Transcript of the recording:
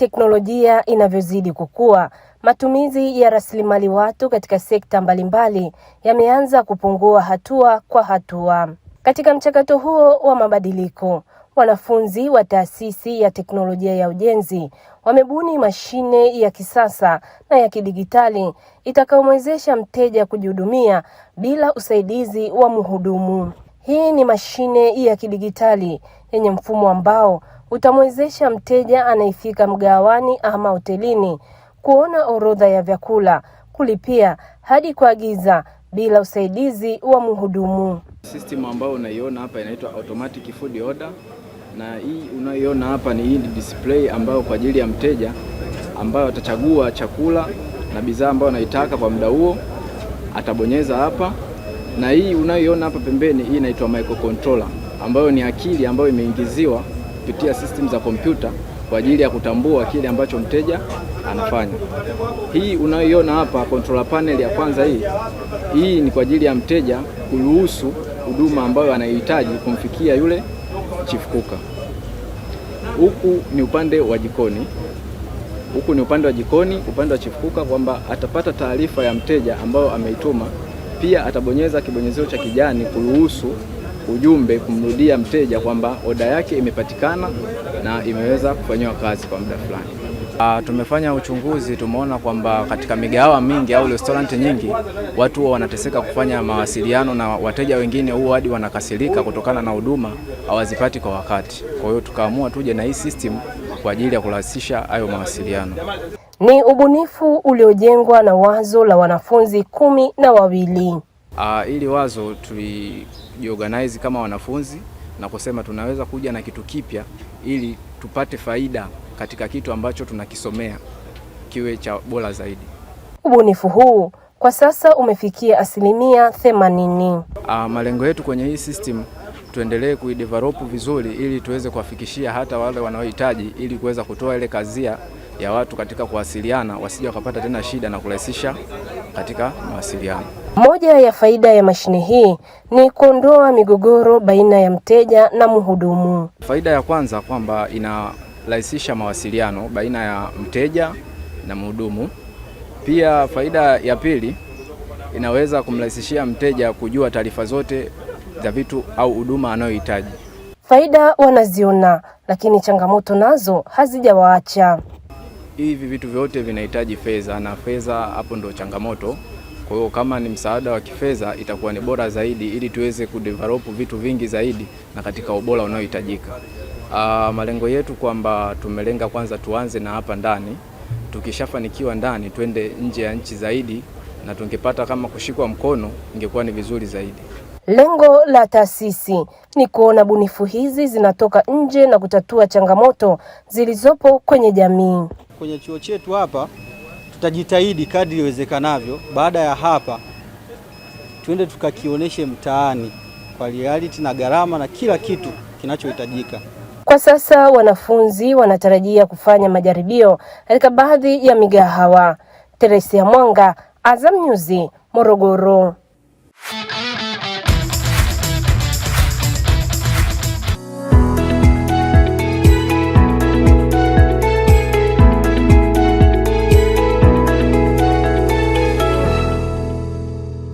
Teknolojia inavyozidi kukua, matumizi ya rasilimali watu katika sekta mbalimbali yameanza kupungua hatua kwa hatua. Katika mchakato huo wa mabadiliko, wanafunzi wa Taasisi ya Teknolojia ya Ujenzi wamebuni mashine ya kisasa na ya kidigitali itakayomwezesha mteja kujihudumia bila usaidizi wa mhudumu. Hii ni mashine ya kidigitali yenye mfumo ambao utamwezesha mteja anayefika mgahawani ama hotelini kuona orodha ya vyakula, kulipia hadi kuagiza bila usaidizi wa mhudumu. System ambayo unaiona hapa inaitwa automatic food order, na hii unayoiona hapa ni hii display ambayo kwa ajili ya mteja ambayo atachagua chakula na bidhaa ambayo anaitaka kwa muda huo, atabonyeza hapa, na hii unayoiona hapa pembeni, hii inaitwa microcontroller ambayo ni akili ambayo imeingiziwa kupitia system za kompyuta kwa ajili ya kutambua kile ambacho mteja anafanya. Hii unayoiona hapa controller panel ya kwanza hii, hii ni kwa ajili ya mteja kuruhusu huduma ambayo anahitaji kumfikia yule chifukuka. Huku ni upande wa jikoni, huku ni upande wa jikoni, upande wa chifukuka, kwamba atapata taarifa ya mteja ambayo ameituma. Pia atabonyeza kibonyezeo cha kijani kuruhusu ujumbe kumrudia mteja kwamba oda yake imepatikana na imeweza kufanyiwa kazi kwa muda fulani. Uh, tumefanya uchunguzi, tumeona kwamba katika migahawa mingi au restaurant nyingi watu huwa wanateseka kufanya mawasiliano na wateja wengine, huwa hadi wanakasirika kutokana na huduma hawazipati kwa wakati. Kwa hiyo tukaamua tuje na hii system kwa ajili ya kurahisisha hayo mawasiliano. Ni ubunifu uliojengwa na wazo la wanafunzi kumi na wawili. Uh, ili wazo tulijiorganize kama wanafunzi na kusema tunaweza kuja na kitu kipya ili tupate faida katika kitu ambacho tunakisomea kiwe cha bora zaidi. Ubunifu huu kwa sasa umefikia asilimia themanini. Uh, malengo yetu kwenye hii system tuendelee kuidevelop vizuri ili tuweze kuwafikishia hata wale wanaohitaji ili kuweza kutoa ile kazia ya watu katika kuwasiliana, wasije wakapata tena shida na kurahisisha katika mawasiliano. Moja ya faida ya mashine hii ni kuondoa migogoro baina ya mteja na mhudumu. Faida ya kwanza kwamba inarahisisha mawasiliano baina ya mteja na mhudumu. Pia faida ya pili inaweza kumrahisishia mteja kujua taarifa zote za vitu au huduma anayohitaji. Faida wanaziona, lakini changamoto nazo hazijawaacha. Hivi vitu vyote vinahitaji fedha, na fedha hapo ndo changamoto. Kwa hiyo kama ni msaada wa kifedha itakuwa ni bora zaidi, ili tuweze kudevelop vitu vingi zaidi na katika ubora unaohitajika. Uh, malengo yetu kwamba tumelenga kwanza tuanze na hapa ndani, tukishafanikiwa ndani twende nje ya nchi zaidi, na tungepata kama kushikwa mkono ingekuwa ni vizuri zaidi. Lengo la taasisi ni kuona bunifu hizi zinatoka nje na kutatua changamoto zilizopo kwenye jamii. Kwenye chuo chetu hapa tutajitahidi kadri iwezekanavyo, baada ya hapa tuende tukakionyeshe mtaani kwa reality na gharama na kila kitu kinachohitajika. Kwa sasa wanafunzi wanatarajia kufanya majaribio katika baadhi ya migahawa. Teresia Mwanga, Azam News, Morogoro.